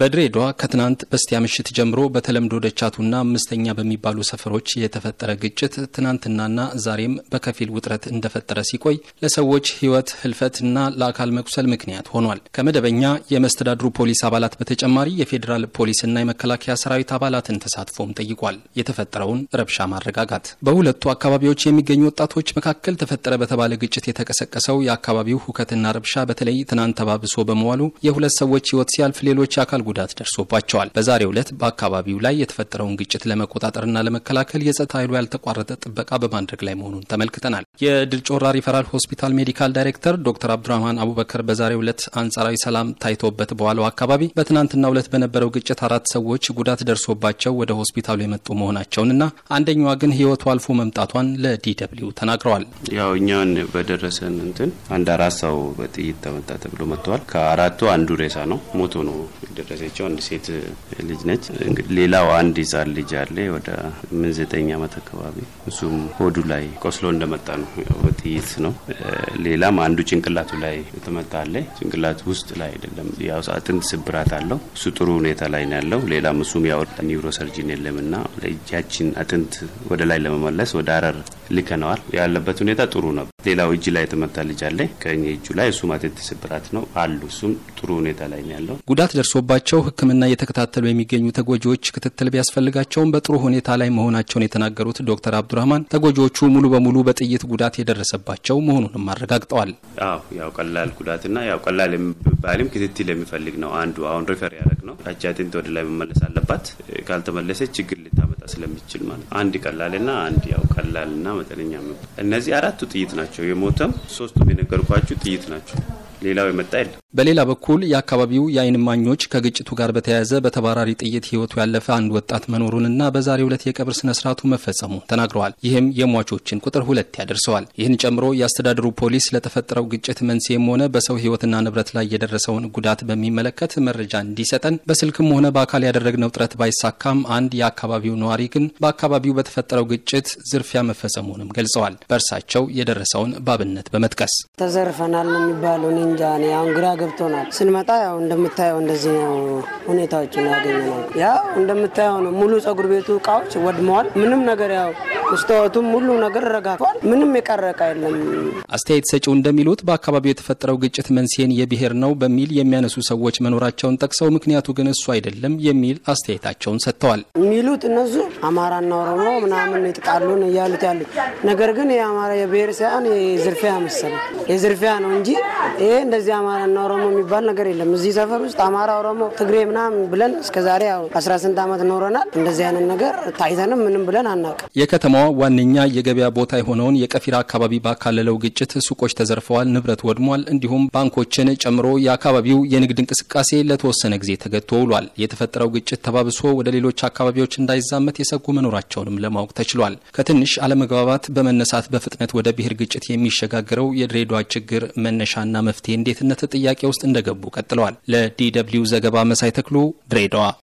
በድሬዳዋ ከትናንት በስቲያ ምሽት ጀምሮ በተለምዶ ደቻቱና አምስተኛ በሚባሉ ሰፈሮች የተፈጠረ ግጭት ትናንትናና ዛሬም በከፊል ውጥረት እንደፈጠረ ሲቆይ ለሰዎች ሕይወት ህልፈትና ለአካል መቁሰል ምክንያት ሆኗል። ከመደበኛ የመስተዳድሩ ፖሊስ አባላት በተጨማሪ የፌዴራል ፖሊስና የመከላከያ ሰራዊት አባላትን ተሳትፎም ጠይቋል። የተፈጠረውን ረብሻ ማረጋጋት በሁለቱ አካባቢዎች የሚገኙ ወጣቶች መካከል ተፈጠረ በተባለ ግጭት የተቀሰቀሰው የአካባቢው ሁከትና ረብሻ በተለይ ትናንት ተባብሶ በመዋሉ የሁለት ሰዎች ሕይወት ሲያልፍ ሌሎች አካል ጉዳት ደርሶባቸዋል። በዛሬው ዕለት በአካባቢው ላይ የተፈጠረውን ግጭት ለመቆጣጠርና ለመከላከል የጸጥታ ኃይሉ ያልተቋረጠ ጥበቃ በማድረግ ላይ መሆኑን ተመልክተናል። የድል ጮራ ሪፈራል ሆስፒታል ሜዲካል ዳይሬክተር ዶክተር አብዱራህማን አቡበከር በዛሬው ዕለት አንጻራዊ ሰላም ታይቶበት በዋለው አካባቢ በትናንትናው ዕለት በነበረው ግጭት አራት ሰዎች ጉዳት ደርሶባቸው ወደ ሆስፒታሉ የመጡ መሆናቸውንና አንደኛዋ ግን ህይወቱ አልፎ መምጣቷን ለዲደብሊው ተናግረዋል። ያው እኛን በደረሰን እንትን አንድ አራት ሰው በጥይት ተመታ ተብሎ መጥተዋል። ከአራቱ አንዱ ሬሳ ነው ሞቶ ነው ያረገዘችው አንድ ሴት ልጅ ነች። ሌላው አንድ ይዛል ልጅ አለ ወደ ምን ዘጠኝ ዓመት አካባቢ እሱም ሆዱ ላይ ቆስሎ እንደመጣ ነው ጥይት ነው። ሌላም አንዱ ጭንቅላቱ ላይ የተመታ አለ። ጭንቅላቱ ውስጥ ላይ አይደለም፣ ያው አጥንት ስብራት አለው። እሱ ጥሩ ሁኔታ ላይ ነው ያለው። ሌላም እሱም ያው ኒውሮሰርጂን የለም የለምና ለእጃችን አጥንት ወደ ላይ ለመመለስ ወደ አረር ልከነዋል። ያለበት ሁኔታ ጥሩ ነው። ሌላው እጅ ላይ የተመታ ልጅ አለ ከኝ እጁ ላይ እሱ ማቴት ስብራት ነው አሉ። እሱም ጥሩ ሁኔታ ላይ ነው ያለው። ጉዳት ደርሶባቸው ሕክምና እየተከታተሉ የሚገኙ ተጎጂዎች ክትትል ቢያስፈልጋቸውም በጥሩ ሁኔታ ላይ መሆናቸውን የተናገሩት ዶክተር አብዱራህማን ተጎጂዎቹ ሙሉ በሙሉ በጥይት ጉዳት የደረሰባቸው መሆኑንም አረጋግጠዋል። አዎ ያው ቀላል ጉዳትና ያው ቀላል የሚባልም ክትትል የሚፈልግ ነው። አንዱ አሁን ሪፈር ያደረግ ነው አጃቴንት ወደ ላይ መመለስ አለባት። ካልተመለሰች ችግር ልታመጣ ስለሚችል ማለት አንድ ቀላልና አንድ ያው ቀላልና መጠነኛ ምግብ። እነዚህ አራቱ ጥይት ናቸው። የሞተም ሶስቱም የነገርኳችሁ ጥይት ናቸው። ሌላው የመጣ የለም። በሌላ በኩል የአካባቢው የአይን ማኞች ከግጭቱ ጋር በተያያዘ በተባራሪ ጥይት ህይወቱ ያለፈ አንድ ወጣት መኖሩንና በዛሬው ዕለት የቀብር ስነ ስርዓቱ መፈጸሙ ተናግረዋል። ይህም የሟቾችን ቁጥር ሁለት ያደርሰዋል። ይህን ጨምሮ የአስተዳደሩ ፖሊስ ለተፈጠረው ግጭት መንስኤም ሆነ በሰው ህይወትና ንብረት ላይ የደረሰውን ጉዳት በሚመለከት መረጃ እንዲሰጠን በስልክም ሆነ በአካል ያደረግነው ጥረት ባይሳካም አንድ የአካባቢው ነዋሪ ግን በአካባቢው በተፈጠረው ግጭት ዝርፊያ መፈጸሙንም ገልጸዋል። በእርሳቸው የደረሰውን ባብነት በመጥቀስ ተዘርፈናል ነው የሚባሉ ገብቶናል። ስንመጣ ያው እንደምታየው እንደዚህ ነው ሁኔታዎች ያገኘ ነው። ያው እንደምታየው ነው ሙሉ ጸጉር ቤቱ እቃዎች ወድመዋል። ምንም ነገር ያው ስታወቱም ሁሉ ነገር ረጋቷል። ምንም የቀረ እቃ የለም። አስተያየት ሰጪው እንደሚሉት በአካባቢው የተፈጠረው ግጭት መንስኤን የብሔር ነው በሚል የሚያነሱ ሰዎች መኖራቸውን ጠቅሰው ምክንያቱ ግን እሱ አይደለም የሚል አስተያየታቸውን ሰጥተዋል። የሚሉት እነሱ አማራና ኦሮሞ ምናምን ይጥቃሉን እያሉት ያሉት ነገር ግን የአማራ የብሔር ሳይሆን የዝርፊያ መሰለ የዝርፊያ ነው እንጂ ይሄ እንደዚህ አማራና ኦሮሞ የሚባል ነገር የለም። እዚህ ሰፈር ውስጥ አማራ፣ ኦሮሞ፣ ትግሬ ምናምን ብለን እስከዛሬ ያው 18 ዓመት ኖረናል። እንደዚህ አይነት ነገር ታይተንም ምንም ብለን አናውቅም። የከተማዋ ዋነኛ የገበያ ቦታ የሆነውን የቀፊራ አካባቢ ባካለለው ግጭት ሱቆች ተዘርፈዋል፣ ንብረት ወድሟል። እንዲሁም ባንኮችን ጨምሮ የአካባቢው የንግድ እንቅስቃሴ ለተወሰነ ጊዜ ተገድቶ ውሏል። የተፈጠረው ግጭት ተባብሶ ወደ ሌሎች አካባቢዎች እንዳይዛመት የሰጉ መኖራቸውንም ለማወቅ ተችሏል። ከትንሽ አለመግባባት በመነሳት በፍጥነት ወደ ብሔር ግጭት የሚሸጋገረው የድሬዳዋ ችግር መነሻና መፍትሄ እንዴትነት ጥያቄ ውስጥ እንደገቡ ቀጥለዋል። ለዲ ደብልዩ ዘገባ መሳይ ተክሉ ድሬዳዋ